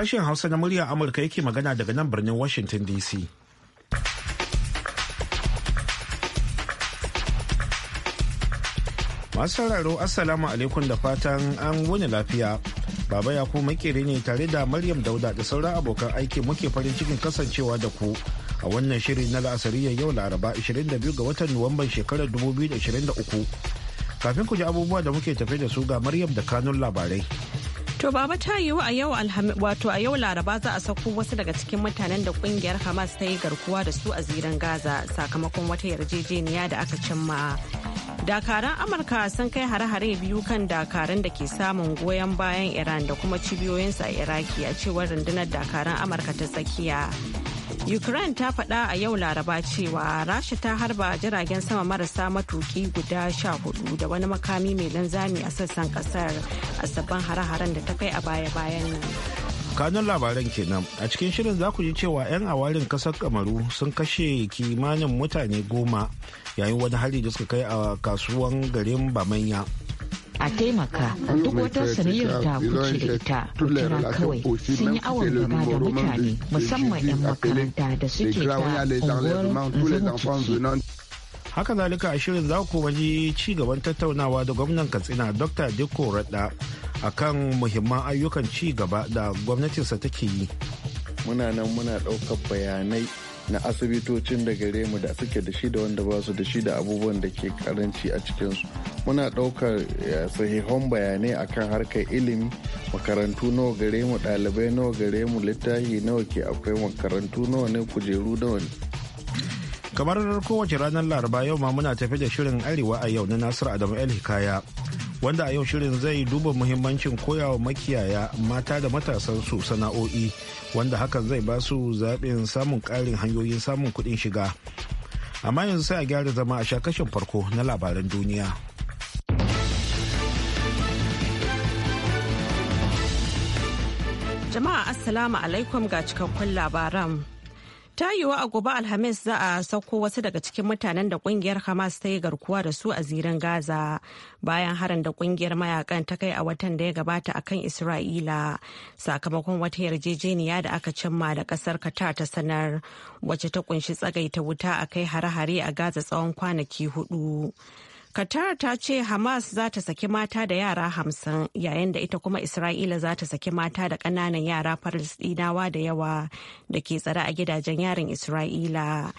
Sashen Hausa na murya Amurka yake magana daga nan birnin Washington DC. Masu sauraro Assalamu alaikum da fatan an wuni lafiya. Baba ya kuma makere ne tare da Maryam Dauda da sauran abokan aiki muke farin cikin kasancewa da ku a wannan shiri na la'asariyar yau Laraba 22 ga watan Nuwamban shekarar 2023. Kafin ku ji abubuwa da muke tafe da su ga Maryam da kanun labarai. To baba ta yiwu a yau wato a yau laraba za a sako wasu daga cikin mutanen da kungiyar Hamas ta yi garkuwa da su a zirin Gaza sakamakon wata yarjejeniya da aka cimma. Dakaran Amurka sun kai hare-hare biyu kan dakaran da ke samun goyon bayan Iran da kuma cibiyoyinsu a Iraki a cewar rundunar dakaran Amurka ta tsakiya. Ukraine ta faɗa a yau Laraba cewa Rasha ta harba jiragen sama marasa matuki guda sha hudu da wani makami mai linzami a sassan kasar a sabbin hare-haren da ta kai a baya-bayan nan. kanun labaran kenan a cikin shirin za ku ji cewa 'yan awarin kasar kamaru sun kashe kimanin mutane goma yayin wani hari da suka kai a kasuwan garin bamanya a taimaka duk wata saniyar da kuke da ita kira kawai sun yi awon gaba da mutane musamman 'yan makaranta da suke ta unguwar haka zalika a shirin za ku waje ci gaban tattaunawa da gwamnan katsina dr dikko radda kan muhimman ayyukan ci gaba da gwamnatinsa take yi muna nan muna ɗaukar bayanai na asibitocin da gare mu da suke da shi da wanda ba su da shi da abubuwan da ke karanci a cikinsu muna ɗaukar eh, sahihan bayanai akan harkar ilimi makarantu nawa gare mu ɗalibai nawa gare mu littafi nawa ke akwai makarantu nawa ne kujeru nawa ne kamar kowace ranar laraba yau ma muna tafi da shirin arewa a yau na nasiru adamu el hikaya wanda a yau shirin zai duba muhimmancin koyawa makiyaya mata da matasan su sana'o'i wanda hakan zai ba su zaɓin samun ƙarin hanyoyin samun kuɗin shiga amma yanzu sai a gyara zama a shakashin farko na labaran duniya jama'a assalamu alaikum ga cikakkun labaran ta yi a gobe alhamis za a sauko wasu daga cikin mutanen da kungiyar hamas ta yi garkuwa da su a zirin gaza bayan harin da kungiyar mayakan ta kai a watan da ya gabata a kan isra'ila sakamakon wata yarjejeniya da aka cimma da kasar qatar ta sanar wacce ta kunshi tsagaita wuta a kai hare-hare a gaza tsawon kwanaki hudu Qatar ta ce Hamas za ta saki mata da yara hamsin yayin da ita kuma Isra'ila za ta saki mata da ƙananan yara Falasɗinawa da yawa da ke tsare a gidajen yarin Isra'ila.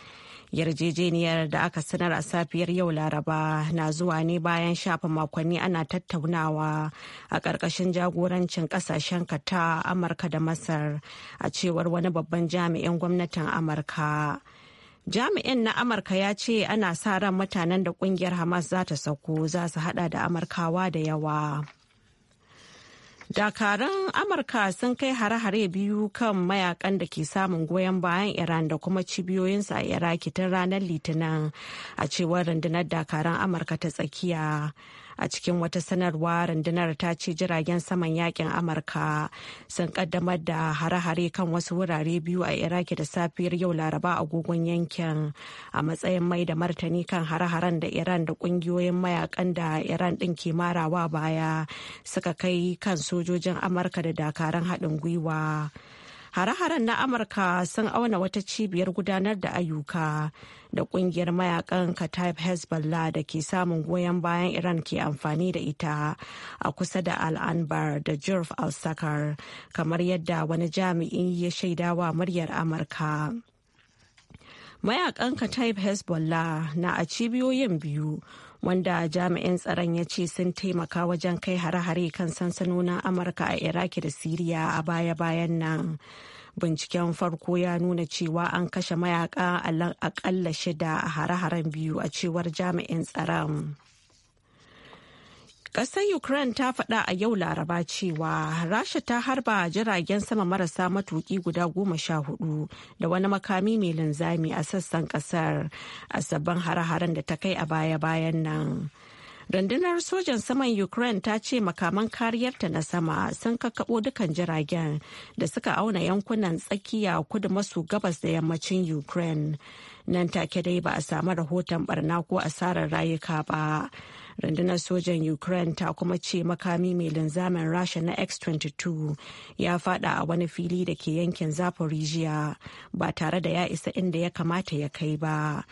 Yarjejeniyar da aka sanar a safiyar yau Laraba na zuwa ne bayan shafa makonni ana tattaunawa a ƙarƙashin jagorancin ƙasashen Qatar, Amurka da Masar a cewar wani babban jami'in gwamnatin Amurka. Jami'in na Amurka ya ce ana sa ran mutanen da kungiyar Hamas za ta sauko za su hada da Amurkawa da yawa. Dakarun Amurka sun kai hare-hare biyu kan mayakan da ke samun goyon bayan Iran da kuma cibiyoyinsu a Iraki tun ranar Litinin a cewar rundunar dakarun Amurka ta tsakiya. a cikin wata sanarwa rundunar ta ce jiragen saman yakin amurka sun kaddamar da hare-hare kan wasu wurare biyu a iraki da safiyar yau laraba agogon yankin a matsayin mai da martani kan hare-haren da iran da kungiyoyin mayakan da iran din ke marawa baya suka kai kan sojojin amurka da dakaran haɗin gwiwa Hare-haren na Amurka sun auna wata cibiyar gudanar da ayyuka da kungiyar mayakan Kataib Hezbollah da ke samun goyon bayan Iran ke amfani da ita a kusa da al'anbar da Jurf al-Sakar kamar yadda wani jami'in ya shaida wa muryar Amurka. Mayakan Kataib Hezbollah na a cibiyoyin biyu wanda jami'in tsaron ya ce sun taimaka wajen kai hare-hare kan sansanonin amurka a iraki da siriya a baya-bayan nan binciken farko ya nuna cewa an kashe mayaka akalla shida a hare-haren biyu a cewar jami'in tsaron. Ƙasar Ukraine ta faɗa a yau Laraba cewa Rasha ta harba jiragen sama marasa matuƙi guda goma sha hudu da wani makami mai linzami a sassan ƙasar a sabbin hare-haren da ta kai a baya-bayan nan. Rundunar sojan saman Ukraine ta ce makaman kariyarta na sama sun kakkaɓo dukan jiragen da suka auna yankunan tsakiya kudu maso gabas da yammacin Ukraine. Nan take dai ba a samu rahoton barna ko asarar rayuka ba. rundunar sojan ukraine ta kuma ce makami mai linzamin rasha na x-22 ya fada a wani fili da ke yankin zaporizhia ba tare da ya isa inda ya kamata ya kai ba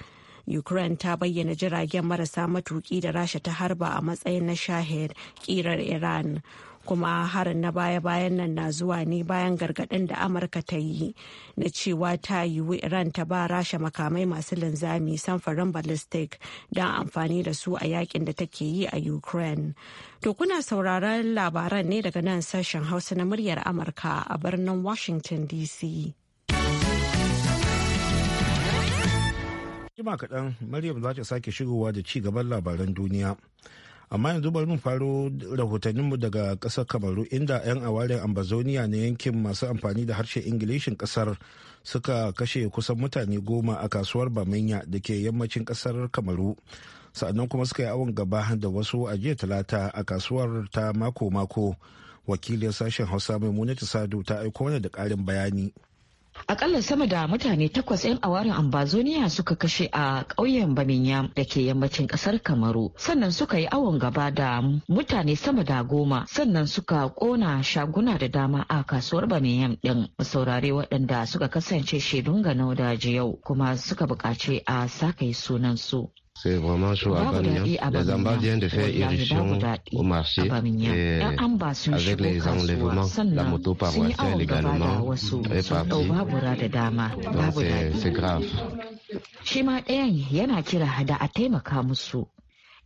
ukraine ta bayyana jiragen marasa matuki da rasha ta harba a matsayin na shahid kirar iran kuma harin na baya-bayan nan na zuwa ne bayan gargadin da amurka ta yi na cewa ta yiwu iran ta ba rasha makamai masu linzami samfarin ballistic don amfani da su a yakin da take yi a ukraine to kuna sauraron labaran ne daga nan sashen hausa na muryar amurka a birnin washington dc jima kaɗan maryam za ta sake shigowa da ci gaban labaran duniya amma yanzu bari mu faro rahotanninmu daga ƙasar kamaru inda 'yan awarin ambazoniya na yankin masu amfani da harshen ingilishin ƙasar suka kashe kusan mutane goma a kasuwar bamanya da ke yammacin ƙasar kamaru sannan kuma suka yi awon gaba da wasu a jiya talata a kasuwar ta mako-mako wakilin sashen hausa mai munatu sadu ta aiko mana da ƙarin bayani akalla sama da mutane takwas 'yan awarin ambazoniya suka kashe a ƙauyen baminyam da ke yammacin ƙasar kamaru sannan suka yi awon gaba da mutane sama da goma sannan suka ƙona shaguna da dama a kasuwar baminyam ɗin masaurare waɗanda suka kasance shaidun ganau da jiyau kuma suka buƙaci a sakai sunan su c'est vraiment chaud à Bamiyan. Les ambassadeurs de faire irruption au marché et avec les enlèvements, la moto paroissiale également est partie. c'est grave. shima ma eh, ɗayan yana kira da a taimaka musu,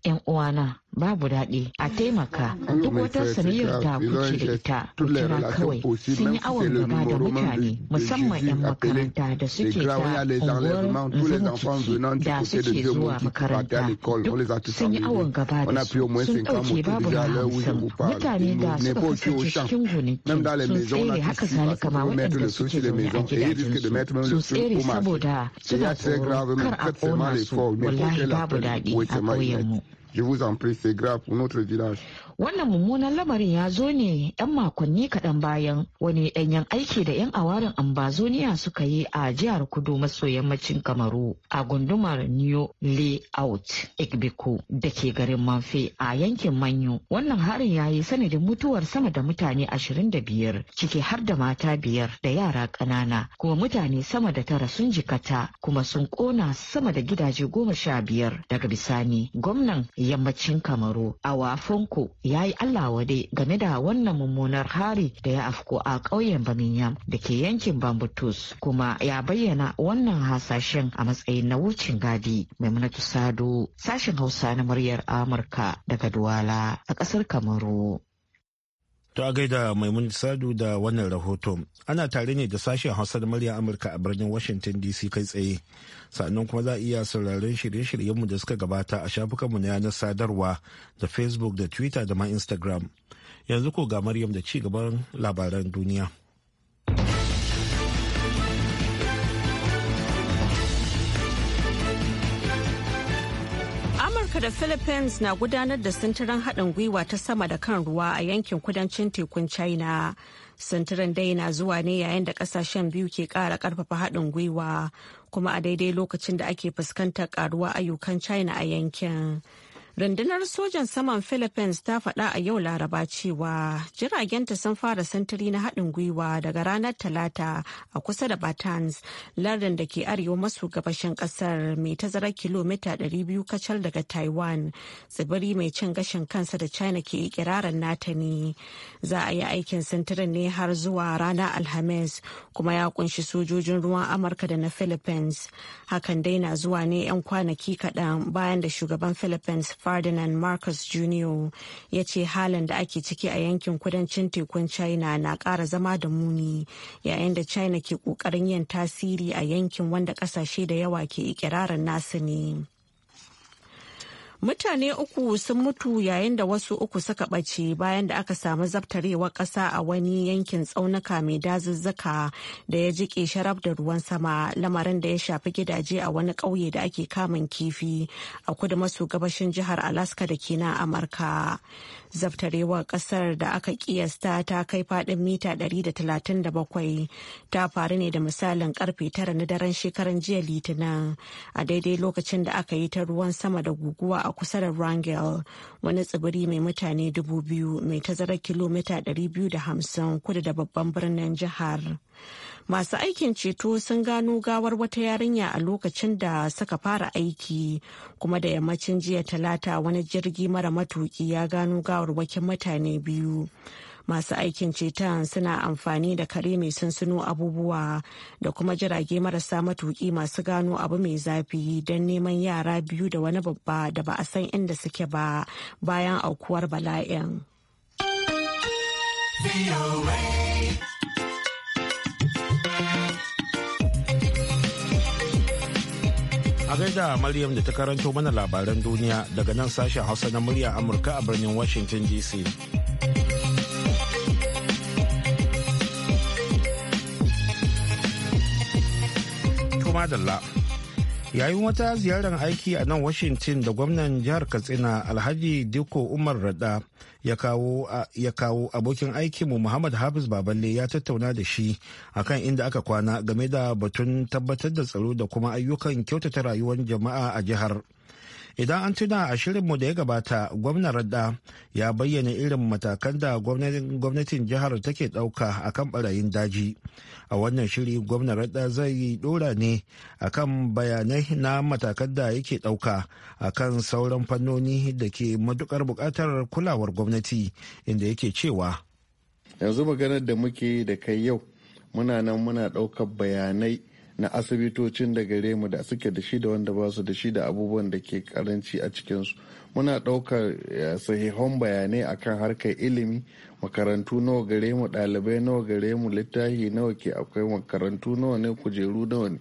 ‘yan uwana babu daɗi a taimaka duk wata saniyar ta kuce da ita ku kira kawai sun yi awon gaba da mutane musamman 'yan makaranta da suke ta unguwar zumunci da suke zuwa makaranta duk sun yi awon gaba da su sun ɗauke babu na hamsin mutane da suka kasance cikin gonaki sun tsere haka zalika ma waɗanda suke zaune a gidajensu sun tsere saboda suna tsoro kar a ƙona su wallahi babu daɗi a ƙauyenmu. Je vous en prie, c'est grave pour notre village. Wannan mummunan lamarin ya zo ne 'yan makonni kaɗan bayan wani ɗanyen aiki da 'yan awarin ambazoniya suka yi a jihar kudu maso yammacin Kamaru a gundumar New Layout Igbiko da ke garin Manfe a yankin Manyo. Wannan harin ya yi sanadin mutuwar sama da mutane 25 ciki har da mata biyar da yara ƙanana kuma mutane sama da tara sun jikata kuma sun ƙona sama da gidaje goma sha biyar daga bisani gwamnan yammacin Kamaru a Wafonko ya yi Allah wade game da wannan mummunar hari da ya afko a ƙauyen Birmingham da ke yankin Bambutus kuma ya bayyana wannan hasashen a matsayin na wucin gadi Maimunatu Sado sashen Hausa na muryar Amurka daga Duwala a ƙasar Kamaru. To a gaida Maimun Sadu da wannan rahoto. Ana tare ne da sashen Hausa da murya Amurka a birnin Washington DC kai tsaye. Sannan kuma za a iya sauraron shirye-shiryenmu da suka gabata a shafukanmu na yanar sadarwa da Facebook da Twitter da ma Instagram. Yanzu ko ga Maryam da ci gaban labaran duniya. da Philippines na gudanar da sintirin haɗin gwiwa ta sama da kan ruwa a yankin kudancin tekun China. Sintirin dai na zuwa ne yayin da ƙasashen biyu ke ƙara ƙarfafa haɗin gwiwa kuma a daidai lokacin da ake fuskantar ƙaruwa ayyukan China a yankin. Rundunar sojan saman Philippines ta faɗa a yau Laraba cewa jiragenta sun fara santiri na haɗin gwiwa daga ranar Talata a kusa da Batans, lardin da ke arewa maso gabashin ƙasar mai tazarar kilomita 200 kacal daga Taiwan, tsibiri mai cin gashin kansa da China ke ikirarin nata ne. Za a yi aikin sintirin ne har zuwa ranar Alhamis kuma ya kunshi sojojin ruwan Amurka da na Philippines. Hakan dai na zuwa ne 'yan kwanaki kaɗan bayan da shugaban Philippines ferdinand marcus jr ya ce halin da ake ciki a yankin kudancin tekun china na ƙara zama da muni yayin da china ke ƙoƙarin yin tasiri a yankin wanda ƙasashe da yawa ke ikirarin nasu ne Mutane uku sun mutu yayin da wasu uku suka ɓace bayan da aka samu zabtarewar ƙasa a wani yankin tsaunuka mai dazuzzuka da ya jiƙe sharaf da ruwan sama lamarin da ya shafi gidaje a wani ƙauye da ake kamun kifi a kudu maso gabashin jihar Alaska da ke nan Amurka. Zabtarewar ƙasar da aka kiyasta ta kai faɗin mita 137 ta faru ne da misalin ƙarfe tara na daren shekaran jiya Litinin a daidai lokacin da aka yi ta ruwan sama da guguwa a a kusa da Rangel, wani tsibiri mai mutane dubu biyu mai tazarar kilomita ɗari biyu da hamsin, kudu da babban birnin jihar. Masu aikin ceto sun gano gawar wata yarinya a lokacin da suka fara aiki kuma da yammacin jiya talata wani jirgi mara matuki ya gano gawar gawarwakin mutane biyu. masu aikin cetan suna amfani da kare mai sunsuno abubuwa da kuma jirage marasa matuki masu gano abu mai zafi don neman yara biyu da wani babba da ba a san inda suke ba bayan aukuwar bala'in. a gaida Maryam da ta karanto mana labaran duniya daga nan sashen Hausa na murya Amurka a birnin Washington DC. Dalla. Yayin wata ziyarar aiki a nan Washington da gwamnan jihar Katsina Alhaji Diko Umar Rada ya kawo abokin aikinmu Muhammad Hafiz Baballe ya tattauna da shi akan inda aka kwana game da batun tabbatar da tsaro da kuma ayyukan kyautata rayuwar jama'a a jihar. idan an tuna a shirinmu da ya gabata gwamnan radda ya bayyana irin matakan da gwamnatin jihar take ɗauka kan barayin daji a wannan shiri gwamnan radda zai yi dora ne a kan bayanai na matakan da yake ɗauka kan sauran fannoni da ke matukar buƙatar kulawar gwamnati inda yake cewa yanzu maganar da muke da kai yau muna nan muna ɗaukar bayanai na asibitocin da gare mu da suke da shi da wanda ba su da shi da abubuwan da ke karanci a cikinsu muna ɗaukar eh, sahihan bayanai akan harkar ilimi makarantu nawa gare mu ɗalibai nawa gare mu littafi nawa ke akwai makarantu nawa ne kujeru nawa ne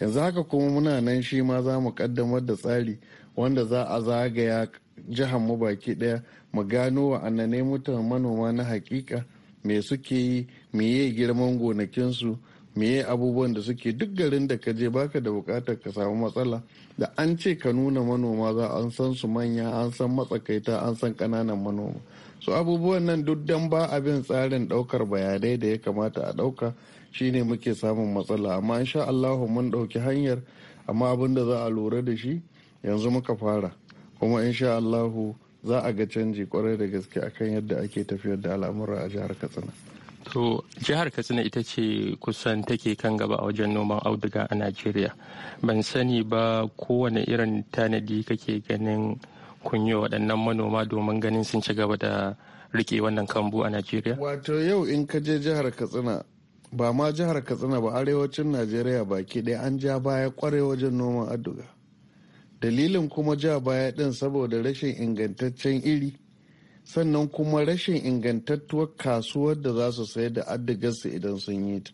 yanzu haka kuma muna nan shi ma za mu kaddamar da tsari wanda za a zagaya jihar mu baki ɗaya mu gano wa'annane mutan manoma na hakika me suke yi meye girman gonakinsu meye abubuwan da suke duk garin da ka je baka da bukatar ka samu matsala da an ce ka nuna manoma za an san su manya an san matsakaita an san kananan manoma su abubuwan nan duk dan ba abin tsarin daukar bayanai da ya kamata a dauka shine muke samun matsala amma insha Allah mun dauki hanyar amma abin da za a lura da shi yanzu muka fara kuma insha Allah za a ga canji kwarai da gaske akan yadda ake tafiyar da al'amura a jihar Katsina. To jihar Katsina ita ce kusan take kan gaba a wajen noman auduga a Najeriya. Ban sani ba kowane irin tanadi kake ganin kunyo waɗannan manoma domin ganin sun ci gaba da rike wannan kambu a Najeriya? Wato yau in ka je jihar Katsina ba ma jihar Katsina ba arewacin Najeriya baki ɗaya an ja baya kware wajen noman auduga. Dalilin kuma ja baya ɗin saboda rashin ingantaccen iri. sannan kuma rashin ingantattuwar kasuwar da za su sayar da addigarsu idan sun yi ta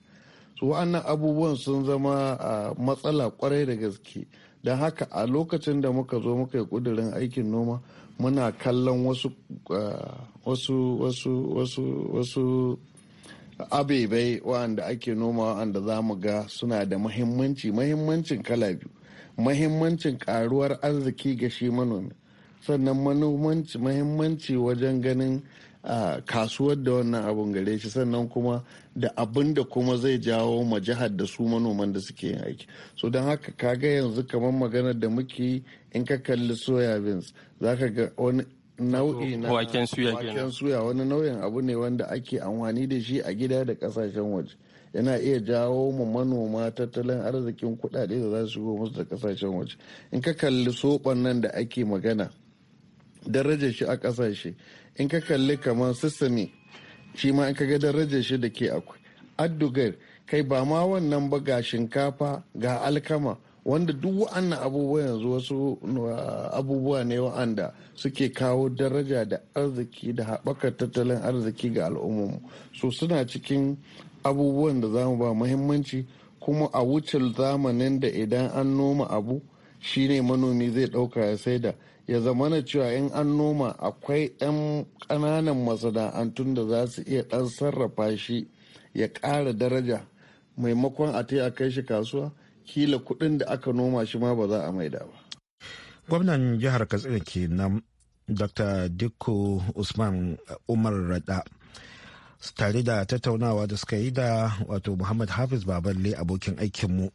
su wa'annan abubuwan sun zama a matsala kwarai da gaske don haka a lokacin da muka zo muka yi kudurin aikin noma muna kallon wasu wasu wasu wasu wasu abebai wa'anda ake noma wa'anda za mu ga suna da mahimmanci mahimmancin kala biyu mahimmancin karuwar arziki ga shi manomi sannan manomanci mahimmanci wajen ganin kasuwar da wannan abun gare shi sannan kuma da abin da kuma zai jawo ma jihar da su manoman da suke yin aiki so don haka kaga yanzu kamar maganar da muke in ka kalli soya beans za ka ga wani nau'i na waken suya wani nau'in abu ne wanda ake amfani da shi a gida da kasashen waje yana iya jawo ma manoma tattalin arzikin kuɗaɗe da za su shigo musu da kasashen waje in ka kalli soɓan nan da ake magana darajar shi a kasashe in ka kalli kamar sistemi shi ma in ga darajar shi da ke akwai addugar kai ba ma wannan ba ga shinkafa ga alkama wanda duk wa'annan abubuwa yanzu wasu uh, abubuwa ne wa'anda suke kawo daraja da arziki da haɓakar tattalin arziki ga al'ummomu su suna cikin abubuwan da za mu ba muhimmanci kuma a wucin zamanin da idan an noma abu shine manomi zai ɗauka ya da. ya zamana cewa in an noma akwai 'yan ƙananan masana'antun da za su iya ɗan sarrafa shi ya ƙara daraja maimakon a ta a kai shi kasuwa kila kuɗin da aka noma shi ma ba za a maida ba. gwamnan jihar katsina nan dr dikko usman umar rada tare da tattaunawa da suka yi da wato muhammad hafiz baballe abokin aikinmu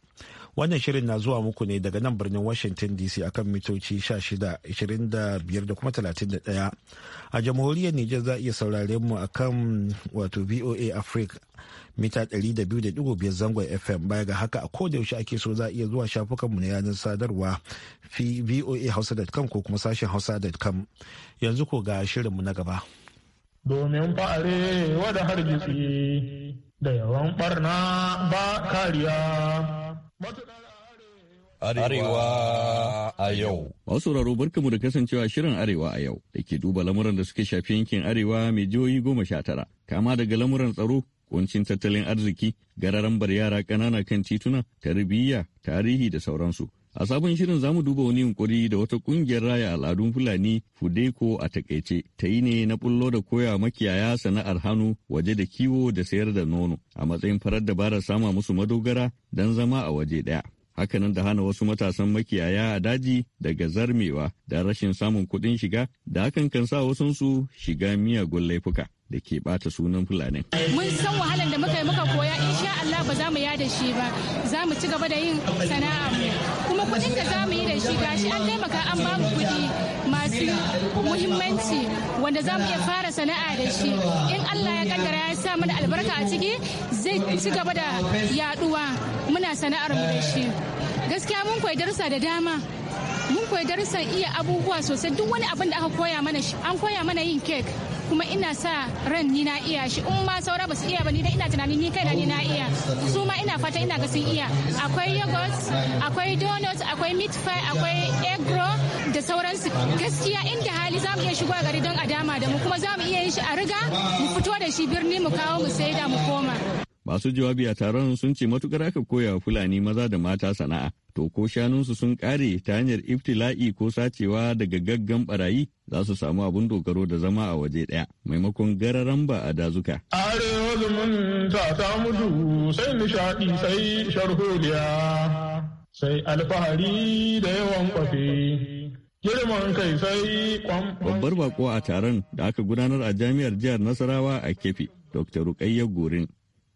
Wannan shirin na zuwa muku ne daga nan birnin Washington DC akan mitoci 16, da kuma 31. A jamhuriyar Nijar za a iya saurare mu akan wato VOA Africa mita 200.5 zangon FM baya ga haka a kodayaushe ake so za a iya zuwa shafukanmu na yanar sadarwa voahausa.com ko kuma sashen hausa.com yanzu ko ga shirin mu na gaba. Domin fa'are wada hargitsi da yawan barna ba kariya. Arewa a yau. Masu sauraro barkamu da kasancewa shirin Arewa a yau da ke duba lamuran da suke shafi yankin Arewa mai jihohi goma sha tara. Kama daga lamuran tsaro, kuncin tattalin arziki, gararan bar yara ƙanana kan tituna, tarbiyya, tarihi da sauransu. A sabon shirin za mu duba wani yunkuri da wata kungiyar raya al'adun Fulani Fudeko a takaice ta yi ne na bullo da koya makiyaya sana'ar hannu waje da kiwo da sayar da nono a matsayin farar dabarar sama musu madogara don zama a waje ɗaya. Hakanan da hana wasu matasan makiyaya a daji daga zarmewa da rashin samun kuɗin shiga da hakan kan sa wasunsu shiga miyagun laifuka. da ke bata sunan fulani. Mun san wahalar da muka yi muka koya insha Allah ba za mu yada shi ba za mu ci gaba da yin sana'a kuma kuɗin da za mu yi da shi gashi an taimaka an ba mu kuɗi masu muhimmanci wanda za mu iya fara sana'a da shi in Allah ya kaddara ya sa mana albarka a ciki zai ci gaba da yaduwa muna sana'ar mu da shi gaskiya mun koyi darussa da dama mun koyi darussan iya abubuwa sosai duk wani abin da aka koya mana shi an koya mana yin kek kuma ina sa ran ni na iya shi in ma saura basu iya ba ni dai ina tunanin ni kai na ni na iya su ma ina fata ina ga sun iya akwai yogurt akwai donut akwai meat pie akwai egg roll da sauransu gaskiya inda hali za mu iya shigo a gari don a dama da mu kuma za mu iya yin shi a riga mu fito da shi birni mu kawo mu saida mu koma masu jawabi a taron sun ce matukar aka koya wa fulani maza da mata sana'a to ko shanunsu sun ƙare ta hanyar iftila'i ko sacewa daga gaggan barayi za su samu abun dogaro da zama a waje ɗaya maimakon gararan ba a dazuka. Arewa zumunta ta mutu sai nishaɗi sai sharholiya sai alfahari da yawan kwafe. Babbar bako a taron da aka gudanar a jami'ar jihar Nasarawa a Kefi, Dr. Rukayya Gorin,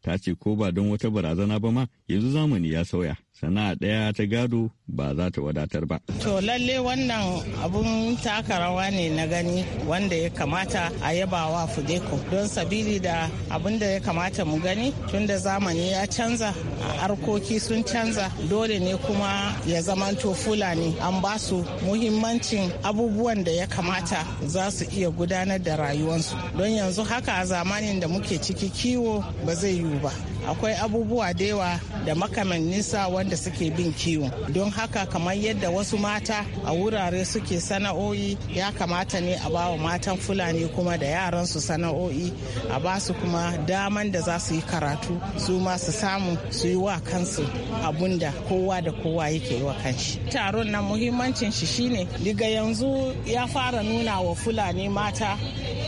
ta ce ko ba don wata barazana ba ma yanzu zamani ya sauya. sana'a ɗaya ta gado ba za ta wadatar ba. To lalle wannan abun taka rawa ne na gani wanda ya kamata a yabawa wa Fudeko don sabili da abun da ya kamata mu gani tunda zamani ya canza harkoki sun canza dole ne kuma ya zamanto Fulani an ba su muhimmancin abubuwan da ya kamata za su iya gudanar da rayuwarsu don yanzu haka a zamanin da muke ciki kiwo ba zai yiwu ba akwai abubuwa da yawa da nisa wanda suke bin kiwo don haka kamar yadda wasu mata a wurare suke sana'o'i ya kamata ne a bawa matan fulani kuma da yaran su sana'o'i a ba su kuma daman da za su yi karatu su ma su samu su yi wa kansu abun da kowa da kowa yake yi wa kanshi taron nan muhimmancin shi shine daga yanzu ya fara nuna wa fulani mata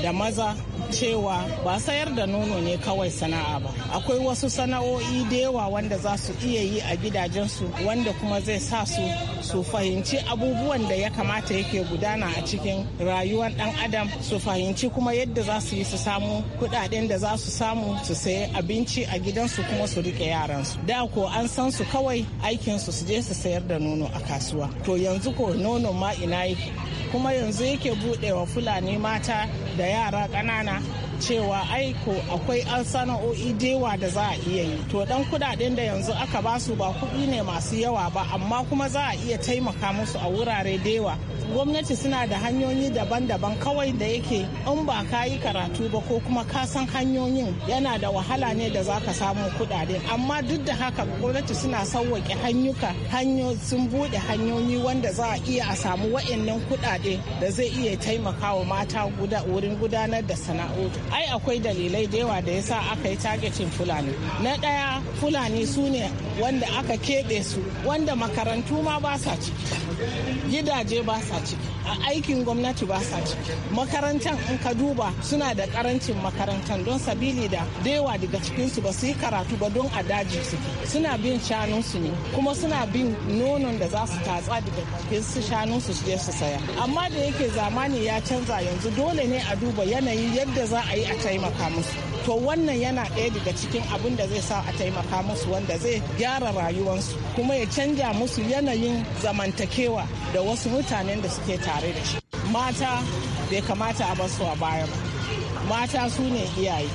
da maza cewa ba sayar da nono ne kawai sana'a ba akwai wasu sana'o'i da yawa wanda za su iya yi a gidajensu wanda kuma zai sa su su fahimci abubuwan da ya kamata yake gudana a cikin rayuwar dan adam su fahimci kuma yadda za su yi su samu kudaden da za su samu su sayi abinci a gidansu kuma su rike yaransu da ko an san su kawai aikinsu su je su sayar da nono a kasuwa to yanzu ko nono ma ina yake kuma yanzu yake buɗewa fulani mata da yara ƙanana cewa aiko akwai an sana'o'i dewa da za a iya yi to dan kudaden da yanzu aka basu ba kuɗi ne masu yawa ba amma kuma za a iya taimaka musu a wurare dewa gwamnati suna da hanyoyi daban-daban kawai da yake in ba ka yi karatu ba ko kuma ka san hanyoyin yana da wahala ne da za ka samu kuɗaɗe amma duk da haka gwamnati suna sauwaƙe hanyuka hanyo sun buɗe hanyoyi wanda za a iya a samu wa'annan kudade da zai iya taimakawa mata wurin gudanar da sana'o'i ai akwai dalilai da yawa da ya sa aka yi targetin fulani na ɗaya fulani su ne wanda aka keɓe su wanda makarantu ma ba sa ciki gidaje ba sa ciki a aikin gwamnati ba sa ciki makarantar in ka duba suna da karancin makarantar don sabili da dewa daga cikinsu ba su yi karatu ba don a daji suke suna bin shanunsu ne kuma suna bin nonon da za su tatsa daga su shanunsu su je su saya amma da yake zamani ya canza yanzu dole ne a duba yanayin yadda za a yi a taimaka musu to wannan yana ɗaya daga cikin abin da zai sa a taimaka musu wanda zai gyara rayuwarsu kuma ya canja musu yanayin zamantakewa da wasu mutanen da suke tare da shi mata bai kamata a su a baya ba mata su ne iyaye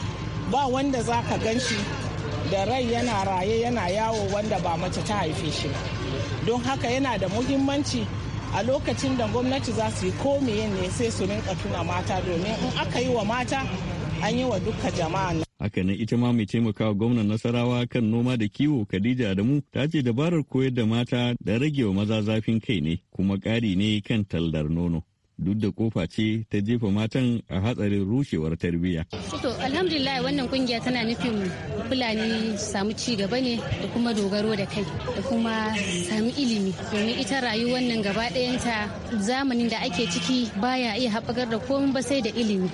ba wanda za ka gan shi da rai yana raye yana yawo wanda ba mace ta haife shi ba don haka yana da muhimmanci a lokacin da gwamnati za su yi ko ne sai su rinka tuna mata domin in aka yi wa mata an yi wa duka jama'a haka nan ita ma mai taimakawa gwamnan nasarawa kan noma da kiwo khadija adamu ta ce dabarar koyar da mata da rage wa maza zafin kai ne kuma ƙari ne kan tallar nono duk da kofa ce ta jefa matan a hatsarin rushewar tarbiyya. To alhamdulillah wannan kungiya tana nufin Fulani samu ci gaba ne da kuma dogaro da kai da kuma samu ilimi domin ita rayuwar nan gaba ɗayanta zamanin da ake ciki baya iya haɓakar da komai ba sai da ilimi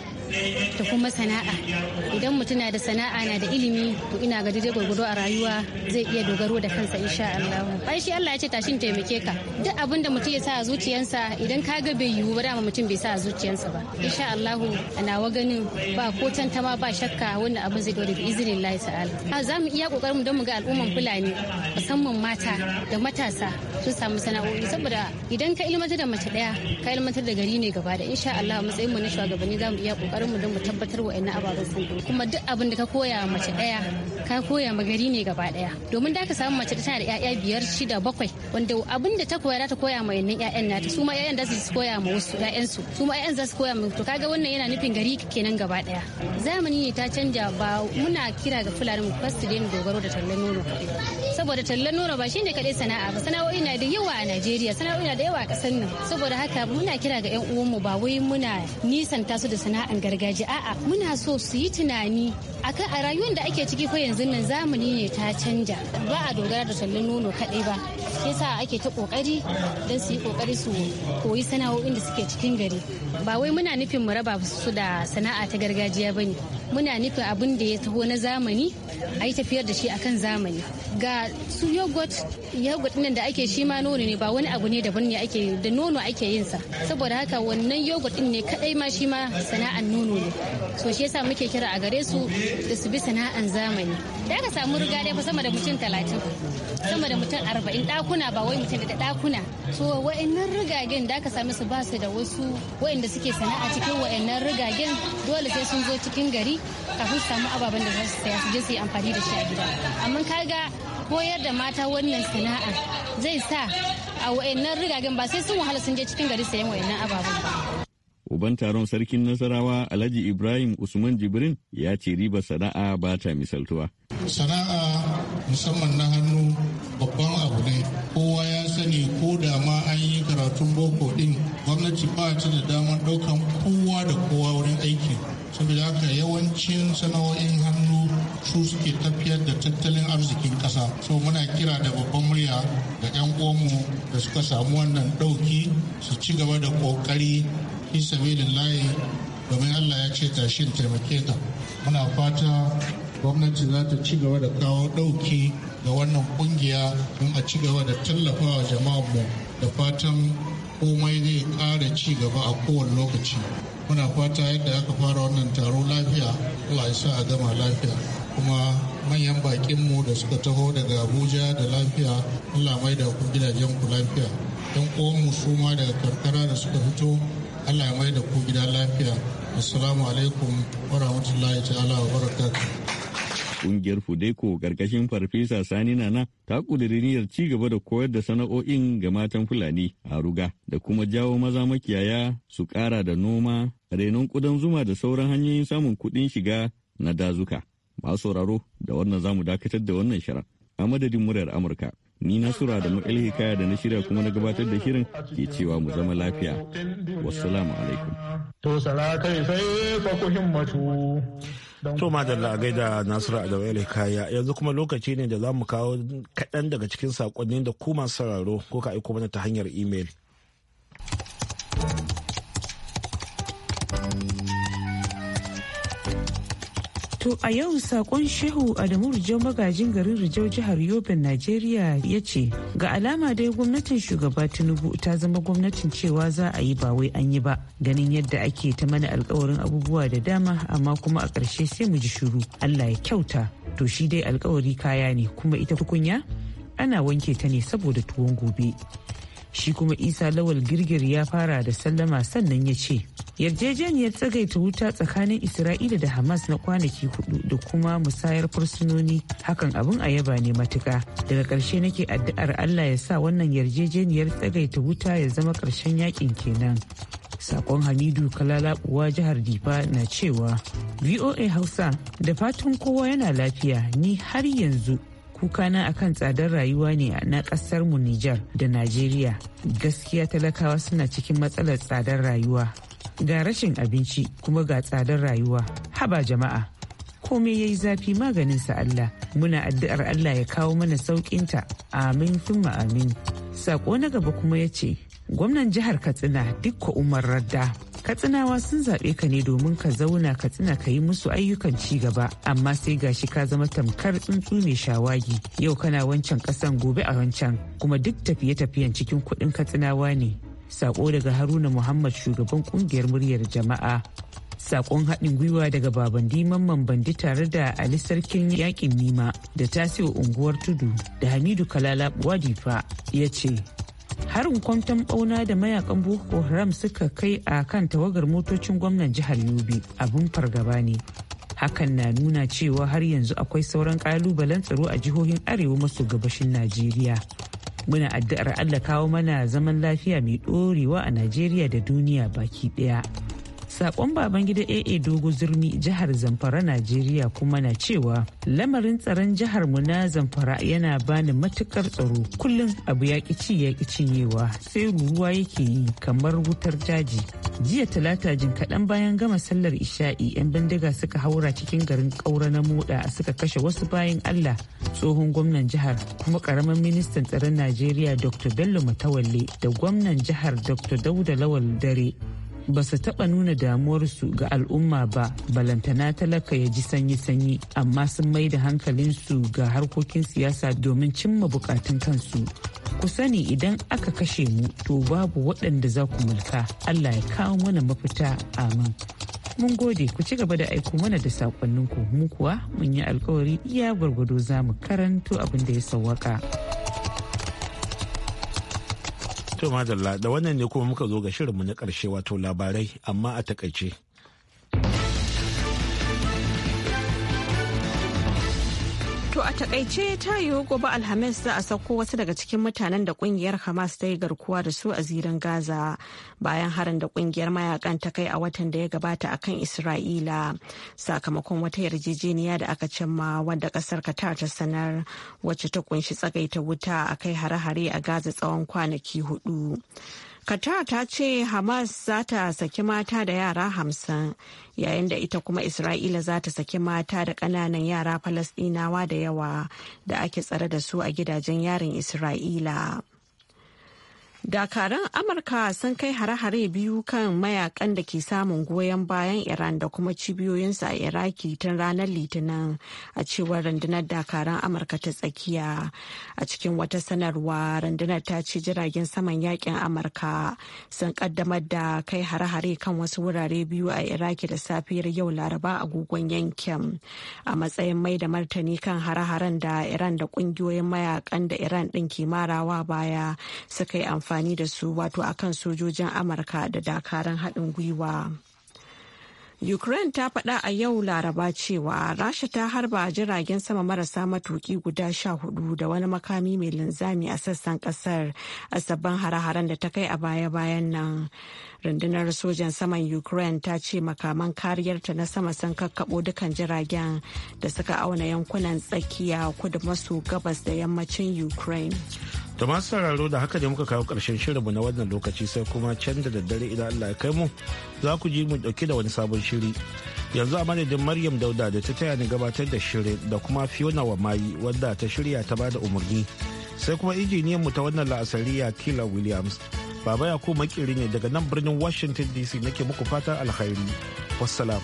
da kuma sana'a idan mutum na da sana'a na da ilimi to ina ga daidai gwargwado a rayuwa zai iya dogaro da kansa insha Allah bai shi Allah ya ce tashin taimake ka duk abin da mutum ya sa a zuciyarsa idan ka ga bai yiwu ba dama mutum bai sa a zuciyarsa ba insha Allah ana wa ganin ba ko tantama ba shakka wannan abin zai dore da izinin Allah ta'ala za mu iya kokarin mu don mu ga al'umman Fulani musamman mata da matasa sun samu sana'o'i saboda idan ka ilmantar da mace daya ka ilmantar da gari ne gaba da insha Allah matsayin mu na shugabanni zamu iya kokarin mu don mu tabbatar wa ina ababen sun kuma duk abin da ka koya mace daya ka koya ma gari ne gaba daya domin da ka samu mace tana da yaya biyar shida bakwai wanda abin da ta koya za ta koya ma yannan yayan nata su ma yayan za su koya ma wasu yayan su su ma yayan za su koya ma to kaga wannan yana nufin gari kenan gaba daya zamani ne ta canja ba muna kira ga fulani mu fasu dogaro da tallan nono saboda tallan nono ba shine kaɗai sana'a ba sana'o'i na da yawa a Najeriya sana'o'i na da yawa a ƙasar nan saboda haka muna kira ga 'yan uwanmu ba wai muna nisanta su da sana'an gargajiya a'a muna so su yi tunani akan a rayuwar da ake ciki fa yanzu nan zamani ne ta canja ba a dogara da tallin nono kaɗai ba yasa ake ta kokari don su yi kokari su koyi sana'o'in da suke cikin gari ba wai muna nufin mu raba su da sana'a ta gargajiya ba ne muna nufin abin da ya taho na zamani a yi tafiyar da shi akan zamani ga su yogurt yogurt nan da ake shi ma nono ne ba wani abu ne daban ne ake da nono ake yin sa saboda haka wannan yogurt din ne kadai ma shi ma sana'an nono ne so shi yasa muke kira a gare su da su bi sana'an zamani da ka samu riga dai fa sama da mutum talatin sama da mutum arba'in dakuna ba wai mutum da dakuna so wa'annan rigagen da ka sami su ba su da wasu wa'anda suke sana'a cikin wa'annan rigagen dole sai sun zo cikin gari kafin su samu ababen da za su saya su je su yi amfani da shi a gida amma kaga koyar da mata wannan sana'a zai sa a wa'annan rigagen ba sai sun wahala sun je cikin gari sayan wa'annan ababen ba uban taron sarkin nasarawa alhaji ibrahim usman jibrin ya ce ribar sana'a ba ta misaltuwa sana'a musamman na hannu babban abu ne kowa ya sani ko da ma an yi karatun boko din gwamnati ba ta da damar daukan kowa da kowa wurin aiki saboda haka yawancin sana'o'in hannu su suke tafiyar da tattalin arzikin ƙasa so muna kira da babban murya ga 'yan uwanmu da suka samu wannan ɗauki su ci gaba da ƙoƙari fi sabilin layi domin allah ya ce tashin taimake ta muna fata gwamnati za ta ci gaba da kawo ɗauki ga wannan ƙungiya don a ci gaba da tallafawa mu da fatan komai zai ƙara ci gaba a kowane lokaci muna fata yadda aka fara wannan taro lafiya Allah ya sa a gama lafiya kuma manyan mu da suka taho daga abuja da lafiya allah mai da ku gidajen ku lafiya yan uwanmu su ma daga karkara da suka fito allah mai da ku gida lafiya assalamu alaikum wa rahmatullahi ta'ala wa barakatuh kungiyar Fudeko karkashin Farfesa Sani Nana ta ƙudiri niyyar ci gaba da koyar da sana'o'in ga matan Fulani a Ruga da kuma jawo maza makiyaya su ƙara da noma, renon ƙudan zuma da sauran hanyoyin samun kuɗin shiga na dazuka. Masu sauraro da wannan zamu dakatar da wannan shirin a madadin muryar Amurka. Ni na sura da makali hikaya da na shirya kuma na gabatar da shirin ke cewa mu zama lafiya. Wassalamu alaikum. To kai sai fa ku himmatu. To madalla a gaida da wayar kaya yanzu kuma lokaci ne da za mu kawo kaɗan daga cikin saƙonnin da ku masu sauraro ko ka aiko mana ta hanyar imel. To a yau sakon Shehu Adamu Rijau magajin garin Rijau jihar Yobe Najeriya ya ce ga alama dai gwamnatin shugaba Tinubu ta zama gwamnatin cewa za a yi ba wai an yi ba ganin yadda ake ta mana alkawarin abubuwa da dama amma kuma a ƙarshe sai mu ji shuru Allah ya kyauta to shi dai alkawari kaya ne kuma ita tukunya ana wanke ta ne saboda tuwon gobe. shi kuma isa lawal girgir ya fara da sallama sannan ya ce yarjejeniyar tsagaita wuta tsakanin isra'ila da hamas na kwanaki hudu da kuma musayar fursunoni hakan abin a yaba ne matuka daga ƙarshe nake addu'ar allah ya sa wannan yarjejeniyar tsagaita wuta ya zama ƙarshen yakin kenan sakon hamidu kalalakuwa jihar difa na cewa voa hausa da fatan kowa yana lafiya ni har yanzu kukana akan tsadar rayuwa ne na kasar mu Nijar da Najeriya. Gaskiya talakawa suna cikin matsalar tsadar rayuwa. Ga rashin abinci kuma ga tsadar rayuwa. Haba jama'a. Komai ya yi zafi maganinsa Allah. Muna addu'ar Allah ya kawo mana sauƙinta. Amin thumma amin. Saƙo na gaba kuma ya ce, Gwamnan jihar Katsina dukka Umar Radda katsinawa sun zaɓe ka ne domin ka zauna katsina ka yi musu ayyukan ci gaba amma sai gashi ka zama tamkar tsuntsu mai shawagi yau kana wancan ƙasan gobe a wancan kuma duk tafiye-tafiyen cikin kuɗin katsinawa ne sako daga haruna muhammad shugaban kungiyar muryar jama'a sakon haɗin gwiwa daga babandi mamman bandi tare da ali sarkin yakin nima da tasiwa unguwar tudu da hamidu kalala wadifa ya ce harin kwanton bauna da mayakan boko haram suka kai a kan tawagar motocin gwamnan jihar yobe abin fargaba ne hakan na nuna cewa har yanzu akwai sauran kalubalen tsaro a jihohin arewa maso gabashin najeriya muna addu'ar allah kawo mana zaman lafiya mai dorewa a najeriya da duniya baki daya sakon baban gida aa dogo zurmi jihar zamfara najeriya kuma na cewa lamarin tsaron jihar mu na zamfara yana bani matukar tsaro kullum abu ya ci ya cinyewa sai ruwa yake yi kamar wutar daji jiya talata jin kaɗan bayan gama sallar isha'i 'yan bindiga suka haura cikin garin ƙaura na moda suka kashe wasu bayan allah tsohon gwamnan jihar kuma ƙaramin ministan tsaron najeriya dr bello matawalle da gwamnan jihar dr dauda lawal dare ba su taɓa nuna damuwarsu ga al'umma ba balantana talaka ya ji sanyi-sanyi amma sun mai da hankalinsu ga harkokin siyasa domin cimma bukatun kansu ku sani idan aka kashe mu to babu waɗanda za ku mulka allah ya kawo mana mafita amin mun gode ku ci gaba da aiko mana da sakonninku mu kuwa mun yi alkawari iya gwargwado za mu karanto abin da ya sawwaka. To madalla da wannan ne kuma muka zo ga shirinmu na ƙarshe wato labarai amma a takaice. To a takaice ta yiwu gobe Alhamis za a sauko wasu daga cikin mutanen da kungiyar Hamas ta yi garkuwa da su a zirin Gaza bayan harin da kungiyar mayakan ta kai a watan da ya gabata a kan Isra'ila sakamakon wata yarjejeniya da aka cimma wadda kasar Qatar ta sanar wacce ta kunshi tsagaita wuta a kai hare-hare a Gaza tsawon kwanaki hudu. Qatar ta ce Hamas za ta saki mata da yara hamsin yayin da ita kuma isra'ila za ta saki mata da ƙananan yara falasɗinawa da yawa da ake tsare da su a gidajen yarin isra'ila Dakaran Amurka sun kai hare-hare biyu kan mayakan da ke samun goyon bayan Iran da kuma cibiyoyinsa a Iraki tun ranar Litinin a cewar rundunar dakaran Amurka ta tsakiya. A cikin wata sanarwa rundunar ta ce jiragen saman yakin Amurka sun kaddamar da kai hare-hare kan wasu wurare biyu a Iraki da safiyar yau Laraba agogon yankin. A matsayin mai da martani kan hare-haren da Iran da kungiyoyin mayakan da Iran ɗin ke marawa baya suka yi amfani amfani da su wato akan sojojin amurka da dakarun haɗin gwiwa ukraine ta faɗa a yau laraba cewa rasha ta harba jiragen sama marasa matuki guda sha hudu da wani makami mai linzami a sassan kasar a sabbin hare-haren da ta kai a baya-bayan nan rundunar sojan saman ukraine ta ce makaman kariyarta na sama sun kakkabo dukan jiragen da suka auna yankunan tsakiya kudu maso gabas da yammacin ukraine da masu sauraro da haka ne muka kawo ƙarshen shirinmu na wannan lokaci sai kuma can da daddare idan Allah ya kai mu za ku ji mu ɗauki da wani sabon shiri. Yanzu a madadin Maryam Dauda da ta taya ni gabatar da shirin da kuma Fiona wa mayi wadda ta shirya ta bada umarni. Sai kuma injiniyan mu ta wannan la'asari ya Kila Williams. Baba ya ku makiri ne daga nan birnin Washington DC nake muku fatan alkhairi. Wassalam.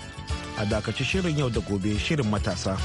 A dakaci shirin yau da gobe shirin matasa.